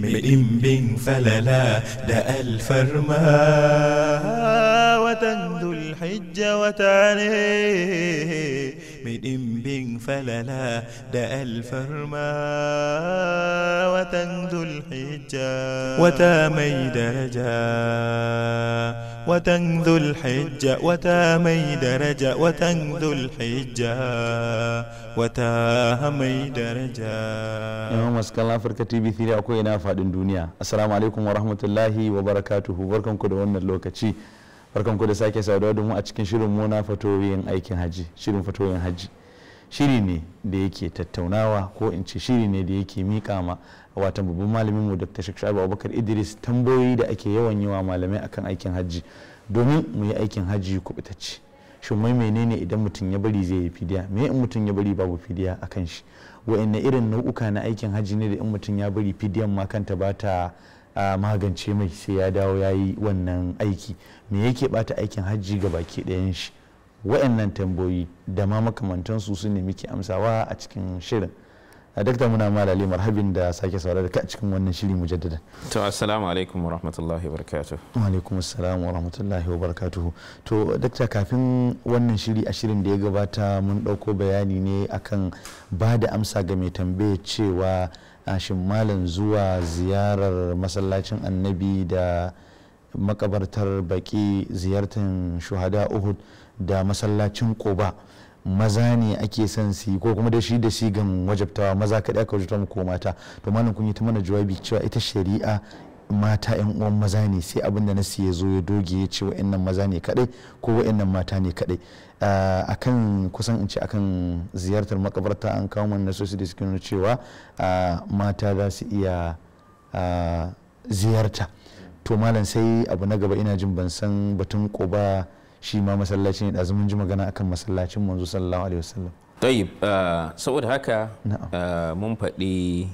مدمبن فللا دأ الفرما وتندو الحج وتعني mai ɗimbin falala da alfarma watan zulhijja wata mai daraja watan zulhijja wata mai daraja watan zulhijja wata mai daraja yawan masu kallon afirka tv 3 akwai ina faɗin duniya assalamu alaikum wa rahmatullahi wa barakatuhu barkanku da wannan lokaci farkon ku da sake saduwa da mu a cikin shirin mu na fatoyin aikin haji shirin fatoyin haji shiri ne da yake tattaunawa ko in ce shiri ne da yake mika ma watan babban malamin mu dr shakshabu abubakar idris tambayoyi da ake yawan yi wa malamai akan aikin haji domin mu yi aikin haji kubutacce shin mai menene idan mutum ya bari zai yi fidiya me in mutum ya bari babu fidiya akan shi wa'anne irin nau'uka na aikin haji ne da in mutum ya bari fidiyan ma kanta ba ta a magance mai sai ya dawo ya yi wannan aiki me yake bata aikin hajji ga baki ɗayan shi wa'annan tambayoyi da ma makamantansu su ne muke amsawa a cikin shirin a dakta muna malale marhabin da sake saurara da ka cikin wannan shiri jaddada. to assalamu alaikum warahmatullahi wabarakatuh wa alaikum assalam warahmatullahi wabarakatuh to dakta kafin wannan shiri a shirin da ya gabata mun dauko bayani ne akan ba da amsa ga mai tambaye cewa kashin malam zuwa ziyarar masallacin annabi da makabartar baki ziyartar shuhada uhud da masallacin koba maza ne ake son su ko kuma da shi da sigan wajabtawa maza kaɗai aka wajabta ko mata to malam kun yi ta mana jawabi cewa ita shari'a mata yan uwan maza ne sai abin da nasi ya zo ya doge ya ce wa'annan maza ne kadai ko wa'annan mata ne kadai a ah, kan kusan in ce a kan ziyartar makabarta an kawo mana sosai da suke nuna cewa ah, mata za su iya ah, ziyarta to malam sai abu na gaba ina jin ban san batun koba shi ma masallaci ne ɗazu mun ji magana akan masallacin manzo sallallahu alaihi wasallam saboda haka mun faɗi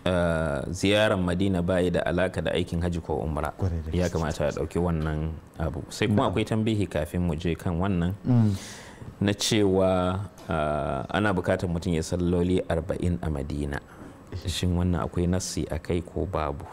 Eh, ziyarar madina bayi da alaka da aikin hajji ko umra ya kamata ya dauki wannan abu sai kuma akwai tambihi kafin mu je kan wannan mm. na cewa eh, ana bukatar mutum ya salloli 40 a madina shin wannan akwai nassi a kai ko babu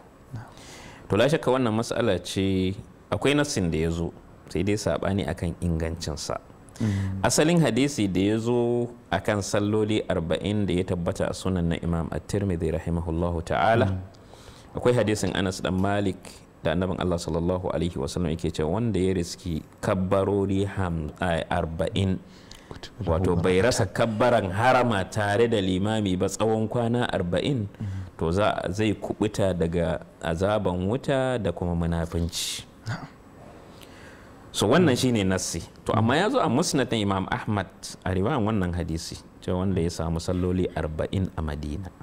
to la shakka wannan matsala ce akwai nassin da ya zo sai dai saɓani akan ingancinsa Mm. asalin hadisi da ya zo a kan salloli arba'in da ya tabbata a sunan na imam at-tirmidhi rahimahullahu ta'ala mm. akwai hadisin anas dan malik da annabin allah sallallahu alaihi wasallam yake cewa wanda ya riski kabbarori arba'in wato bai rasa kabbaran harama tare da limami ba tsawon kwana arba'in mm. to zai kubuta daga azaban wuta da kuma munafunci. so wannan mm. shine nasi to amma ya zo a musnadin imam ahmad a riwayan wannan hadisi cewa wanda ya samu salloli arba'in a madina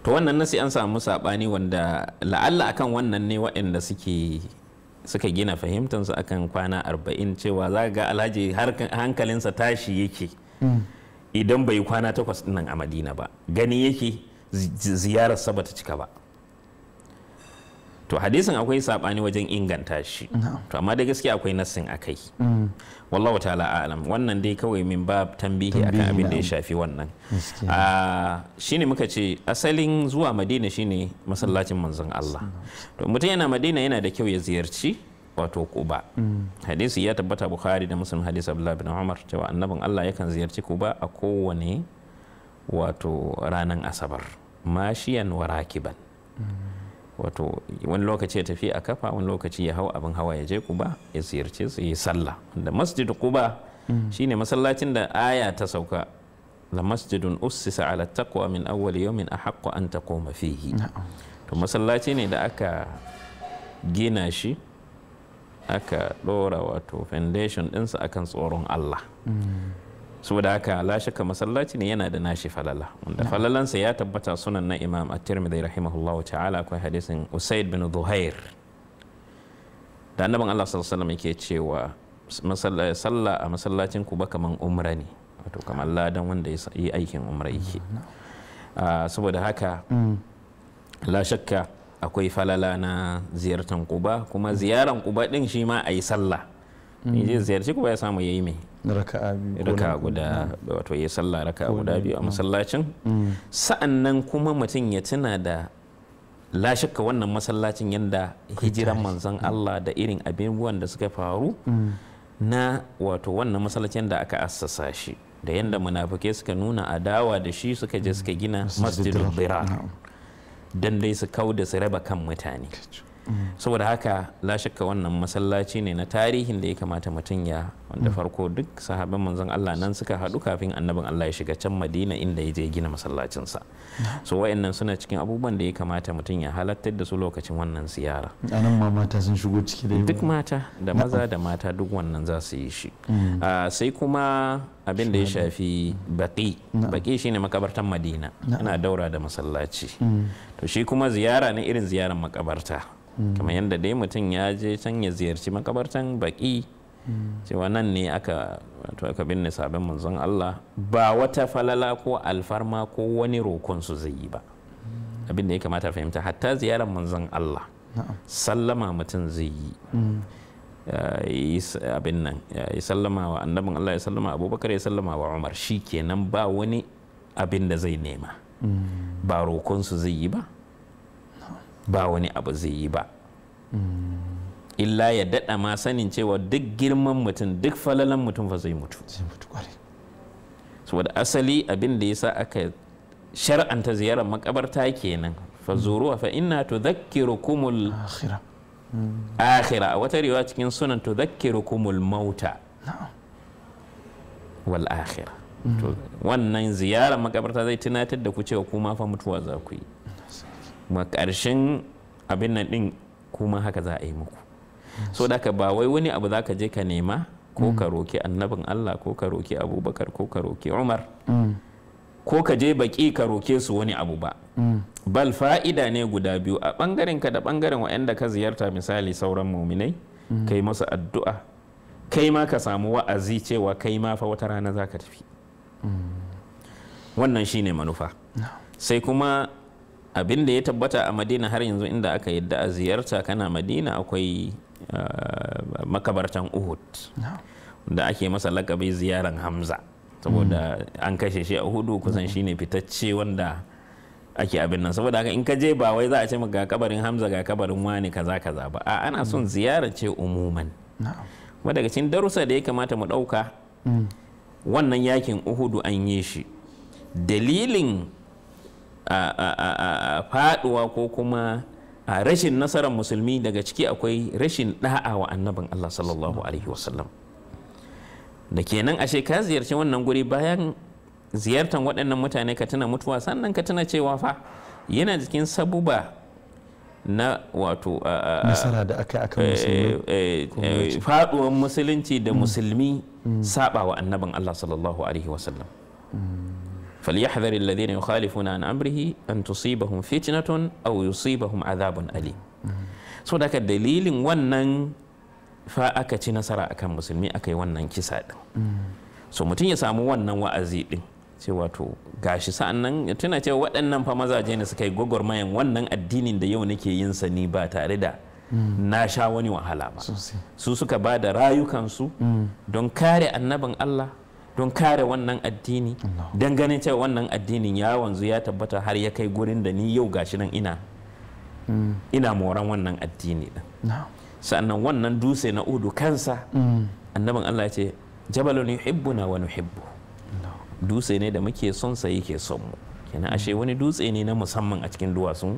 to wannan nasi an samu sabani wanda la'alla akan wannan ne waɗanda suke suka gina fahimtansu akan kwana arba'in cewa za ga alhaji hankalinsa tashi yake mm. idan bai kwana takwas nan a madina ba gani yake ziyarar sabata ta cika ba to hadisin akwai sabani wajen inganta shi to amma da gaskiya akwai nassin akai mm. wallahu ta'ala alam wannan dai kawai min bab tambihi akan abin da ya shafi wannan ah, shine muka ce asalin zuwa madina shine masallacin manzon Allah to mutum yana madina yana da kyau ya ziyarci wato kuba mm. hadisi ya tabbata bukhari da muslim hadisi abdullahi bin umar cewa annabin allah yakan ziyarci kuba a kowane wato ranan asabar mashiyan wa rakiban mm. wato wani lokaci ya tafi a kafa wani lokaci ya hau abin hawa ya je kuba ya ziyarce su yi sallah da masjid kuba shine masallacin da aya ta sauka la masjidun ussisa ala taqwa min awwal yawmin ahaqqu an taquma fihi to masallaci ne da aka gina shi aka dora wato foundation ɗinsa akan tsoron Allah mm. saboda haka la shakka masallaci ne yana da nashi falala wanda falalansa ya tabbata sunan na imam at-tirmidhi rahimahullah ta'ala akwai hadisin usaid bin zuhair da annaban Allah sallallahu alaihi yake cewa sallah a masallacin ku ba kaman umra ne wato kamar ladan wanda ya yi aikin umra yake ah, saboda haka mm. la shakka akwai falala na ziyartar kuba kuma ziyaran kuba din shi ma a yi sallah Mm. zai ziyarci kuma ya samu ya yi mai raka biyu guda wato ya sallah raka guda biyu a mm. masallacin mm. sa'annan kuma mutum ya tuna da lashaka wannan masallacin yadda hijiran manzon Allah da irin abubuwan da suka faru na wato wannan masallacin da aka assasa shi da yadda munafukai suka nuna adawa da shi suka je suka gina masjidul bira dan dai su kau da su raba kan mutane saboda haka la shakka wannan masallaci ne na tarihin da ya kamata mutum ya wanda mm. farko duk sahabban manzon Allah nan suka haɗu kafin annabin Allah ya shiga can Madina inda ya je gina masallacinsa mm. so wayannan suna cikin abubuwan da ya kamata mutum ya halartar da su lokacin wannan ziyara anan ma mata sun shigo ciki da duk mata da maza da mata duk wannan za su yi shi mm. ah, sai kuma abin da ya shafi baki baki shine makabartan Madina ana daura da masallaci to shi kuma ziyara ne irin ziyaran makabarta Mm. kamar yadda dai mutum ya je can ya ziyarci makabartan baki mm. cewa nan ne aka aka binne sabon manzon Allah ba wata falala ko alfarma ko wani rokon su zai yi ba mm. abin da ya kamata fahimta hatta ziyarar manzon Allah sallama mutum zai yi abin nan ya sallama wa annabin Allah ya sallama abubakar ya sallama wa umar shi kenan ba wani abin da zai nema ba rokon su zai yi ba ba wani abu zai yi ba illa ya daɗa ma sanin cewa duk girman mutum duk falalan mutum fa zai mutu saboda asali abin da yasa aka shar'anta ziyarar makabarta kenan fa zuruwa fa inna tudhakkirukumul akhirah akhira a wata riwa cikin sunan tudhakkirukumul mauta wal akhira wannan ziyarar makabarta zai tunatar da ku cewa kuma fa mutuwa za ku yi kuma ƙarshen abin nan ɗin kuma haka za a yi muku so da ba wai wani abu za ka je ka nema ko ka roki annabin Allah ko ka roki abubakar ko ka roki umar ko ka je baki ka roke su wani abu ba bal fa'ida ne guda biyu a ɓangaren ka da ɓangaren waɗanda ka ziyarta misali sauran muminai kai masu addu'a kai ma ka samu wa'azi cewa kai ma fa wata rana za ka tafi wannan shine manufa sai kuma abin da ya tabbata a madina har yanzu inda aka yadda a ziyarta kana madina akwai ah, makabartan uhud da ake masa lakabi ziyaran hamza saboda mm. an kashe shi a hudu kusan shi ne fitacce wanda ake abin nan saboda haka in ka je ba wai za a ce ga kabarin hamza ga kabarin wani kaza kaza ba a ana son mm. ziyara ce umuman kuma daga cikin darussa da ya kamata mu ɗauka mm. wannan yakin uhudu an yi shi dalilin a faduwa ko kuma a rashin nasarar musulmi daga ciki akwai rashin da'a wa annabin Allah sallallahu alaihi wasallam da kenan ashe ka ziyarci wannan guri bayan ziyartar waɗannan mutane ka tuna mutuwa sannan ka tuna cewa fa yana jikin sabuba na wato nasara da aka eh, musulmi eh, eh, faduwan musulunci da mm. musulmi mm. saba wa annabin Allah sallallahu alaihi wasallam mm. فليحذر الذين يخالفون عن امره ان تصيبهم فتنه او يصيبهم عذاب اليم so da dalilin wannan fa aka ci nasara akan musulmi aka wannan kisa din so mutum ya samu wannan wa'azi din ce wato gashi sa'an nan ya tuna cewa waɗannan fa mazaje ne suka yi gwagwarmayan wannan addinin da yau nake yin sa ni ba tare da na sha wani wahala ba su suka ba da rayukansu mm. don kare annabin Allah don kare wannan addini don ganin cewa wannan addinin ya wanzu ya tabbata har ya kai gurin da ni yau gashi nan ina mm. ina moran wannan addini din sannan wannan dutse na udu kansa mm. annabin Allah ya ce jabalun yuhibbuna wa nuhibbu dutse ne da muke son sa yake son mu kenan ashe mm. wani dutse ne na musamman a cikin duwatsun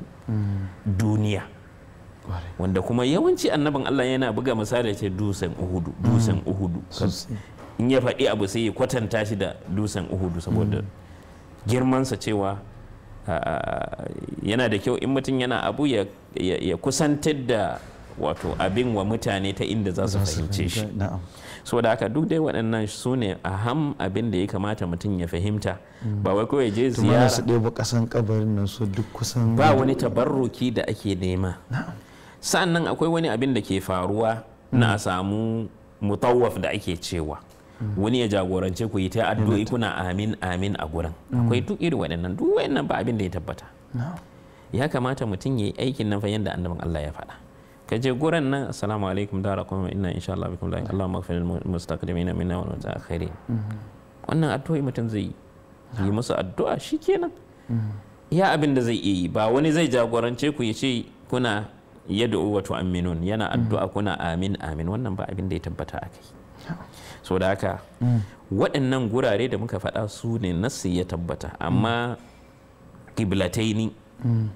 duniya wanda kuma yawanci annabin Allah yana buga misali ce dutsen uhudu dutsen uhudu in ya faɗi abu sai ya kwatanta shi da dusan uhudu saboda mm. girmansa cewa yana da kyau in mutum yana abu ya kusantar da wato abin wa mutane ta inda za su fahimce shi so da haka duk dai waɗannan su ne a ham abin da ya kamata mutum ya fahimta mm. ba wai kawai je ziyara ba wani tabarruki da ake nema sannan akwai wani abin da ke faruwa mm. na samu mutawaf da ake cewa wani ya jagorance ku yi ta addu'o'i kuna amin amin a gurin akwai mm. duk irin waɗannan duk waɗannan ba abin da ya tabbata ya kamata mutum ya yi aikin nan fa yanda annabin Allah ya faɗa ka je gurin nan assalamu alaikum da rakum inna insha Allah bikum da Allah maghfir lil mustaqdimina minna wa mutaakhirin mm-hmm. wannan addu'o'i mutum zai yi musu addu'a shikenan mm-hmm. ya abin da zai iya yi ba wani zai jagorance ku ya ce kuna yadda wa tu'minun yana mm. addu'a kuna amin amin wannan ba abin da ya tabbata akai so da haka mm. waɗannan gurare da muka faɗa su ne nassi ya tabbata amma ƙiblataini mm.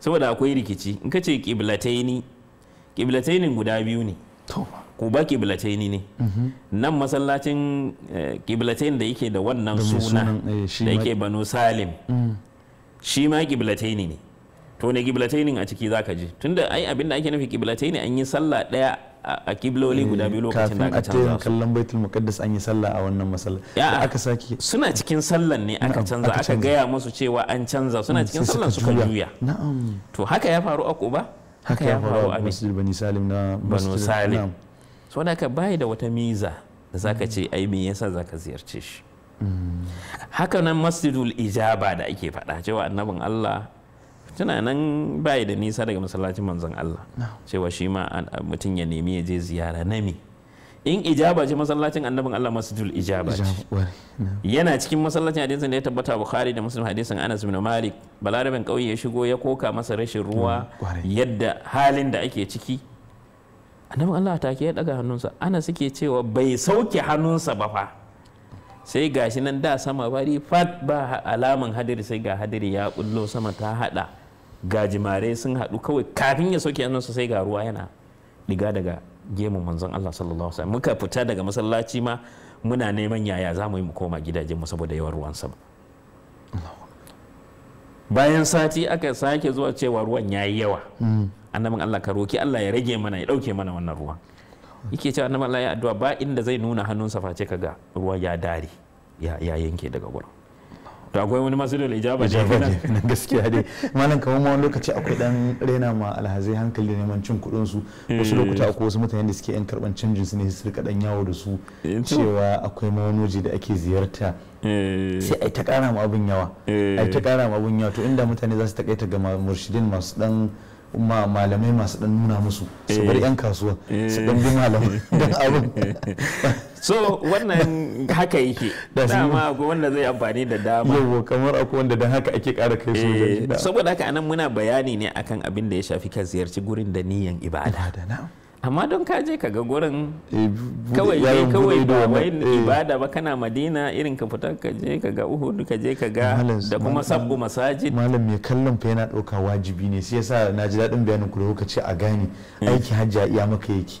saboda akwai rikici in ka ce ƙiblataini ƙiblataini guda biyu ne ko ba ƙiblataini ne mm-hmm. nan masallacin eh, ƙiblataini da yake da wannan suna eh, da yake banu salim mm. shi ma ƙiblataini ne to ne a ciki zaka ji tunda ai abinda ake ake nufi ƙiblataini an yi sallah ɗaya a kibloli guda biyu lokacin da aka canza su Kafin kallon baitul muqaddas an yi sallah a wannan masallaci Ya aka saki suna cikin sallan ne aka canza aka gaya musu cewa an canza suna mm, cikin sallan suka juya na'am to haka ya faru a Quba haka ya faru a Masjid Bani Salim na Bani Salim so da ka bai da wata miza da zaka ce ai me yasa zaka ziyarce shi mm. haka nan Masjidul Ijaba da ake faɗa cewa annabin Allah tana nan bai da nisa daga masallacin manzon Allah cewa shi ma mutum ya nemi ya je ziyara na me in ijaba ce masallacin annabin Allah masjidul ijaba yana cikin masallacin hadisin da ya tabbata Bukhari da Muslim hadisin Anas bin Malik balarabin kauye ya shigo ya koka masa rashin ruwa mm, yadda halin da ake ciki annabin Allah take ya daga hannunsa ana suke cewa bai sauke hannunsa ba fa sai gashi nan da sama bari fat ba alaman hadiri sai ga hadiri ya bullo sama ta hada gajimare sun haɗu kawai kafin ya soke hannunsa sai ga ruwa yana diga daga gemun manzon Allah sallallahu alaihi muka fita daga masallaci ma muna neman yaya za mu yi mu koma gidajenmu saboda yawan ruwan sama bayan sati aka sake zuwa cewa ruwan ya yi yawa hmm. annabin Allah ka roki Allah ya rage mana ya dauke mana wannan ruwan yake cewa annabin Allah ya addu'a ba inda zai nuna hannunsa face kaga ruwa ya dare ya yanke daga gurin to akwai wani masu dole ijaba ne na gaskiya dai malam kamar wani lokaci akwai dan rena ma alhazai hankali neman cin kudin su wasu eh. lokuta akwai wasu mutane da suke yan karban canjin su ne su rika dan yawo da su eh, cewa akwai mawanoji da ake ziyarta eh. sai ai ta kara ma abun yawa ai ta kara ma abun yawa to inda mutane za su kaita ga murshidin masu dan ma malamai masu dan nuna musu su bar yan kasuwa su dan bi malamai dan abin so wannan haka yake dama ga wanda zai amfani da dama yau kamar akwai wanda dan haka ake kara kai sojoji eh, saboda haka anan muna bayani ne akan abin da ya shafi ka ziyarci gurin da niyan ibada amma don ka je ka ga gurin eh, kawai ne kawai ba wai eh. ibada ba kana madina irin ka fita ka je ka ga uhud ka je ka ga da kuma sabbu masajid malam mai kallon fa yana ɗauka wajibi ne sai yasa na ji daɗin bayanin ku da ce a gane eh. aiki hajji a iya maka yake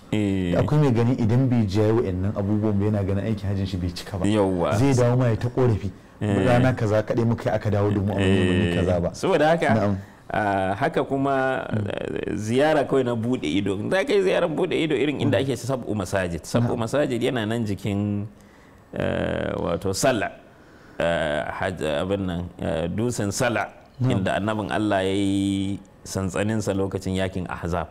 akwai mai gani idan bai je wa'annan abubuwan ba yana ganin aikin hajjin shi bai cika ba zai dawo ma ta korafi rana kaza kadai muka aka dawo domin abin da kaza ba saboda haka Ah, haka kuma hmm. eh, ziyara kawai na bude ido za ka yi ziyarar bude ido irin inda hmm. ake sabu masajid sabu hmm. masajid yana nan jikin eh, wato sala eh, abin nan dusan sala inda annabin allah ya yi sansaninsa lokacin yakin ahzab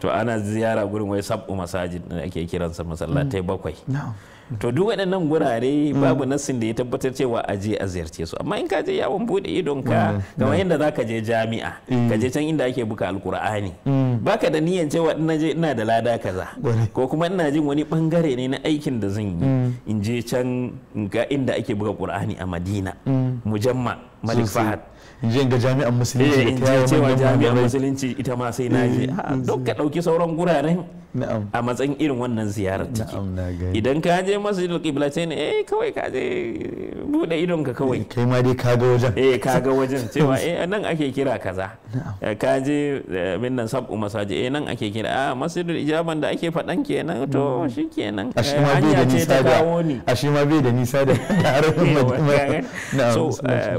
to ana ziyara gurin wai sab'u masajid da ake kiransa masallatai mm. bakwai mm. to duk waɗannan gurare mm. babu nassin da ya tabbatar cewa a je a ziyarce su amma in ka je yawon bude idon ka kamar yadda ka je jami'a ka je can inda ake buka alkur'ani ka da niyan cewa ina je ina da lada kaza ko kuma ina jin wani bangare ne na aikin da zan yi in je can ga inda ake buka qur'ani a Madina mujamma Malik Fahad je ga jami'an musulunci eh, da ta yi jami'an musulunci ita ma sai na je eh, ah, mm. duk ka ɗauki sauran guraren a matsayin irin wannan ziyarar take idan ka je masjidul ne eh kawai ka je bude idon ka kawai eh, kai ma dai ka ga wajen eh ka ga wajen cewa eh nan ake kira kaza eh, ka je min eh, nan sabu masaji eh nan ake kira a ah, masjidul ijaban da ake fadan kenan to mm. shikenan hanya ce ta kawo ni a shi ma bai da nisa da so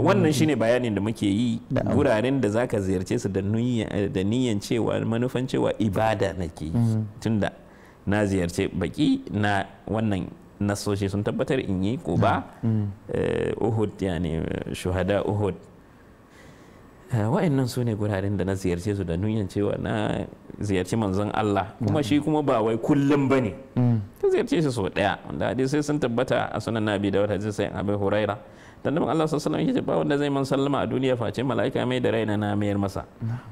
wannan shine bayanin da muke yi wuraren da zaka ziyarce su da niyyan cewa manufan cewa ibada nake yi mm. da na ziyarce baki na wannan nasoshi sun tabbatar in yi ba. Mm. Eh, uhud yani shuhada uhud eh, wa'annan su ne guraren da na ziyarce su da nuyan cewa na ziyarci manzon Allah kuma shi kuma ba wai kullum ba ne ta mm. ziyarce su sau daya wanda hadisai sun tabbata a sunan nabi da wata sai abu huraira dan nan Allah sallallahu alaihi wasallam ba wanda zai man sallama a duniya face mala'ika mai da raina na mayar masa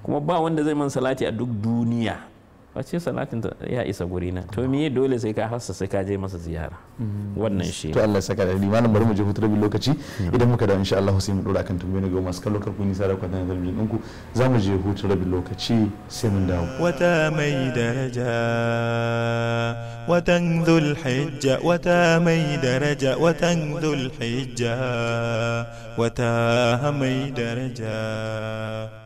kuma ba wanda zai man salati a duk duniya wace salatin ya isa guri na to miye dole sai ka hassa sai ka je masa ziyara mm-hmm. wannan shi to Allah saka da limanin bari mu je hutu rabin lokaci hmm. idan muka dawo insha Allah sai mu dora kan tumbe tambayoyi ga masu kallon karku nisa da kwatan talabijin ɗinku za mu je hutu rabin lokaci sai mun dawo wata mai daraja وتنذو wata mai daraja درجة وتنذو الحجة wata mai daraja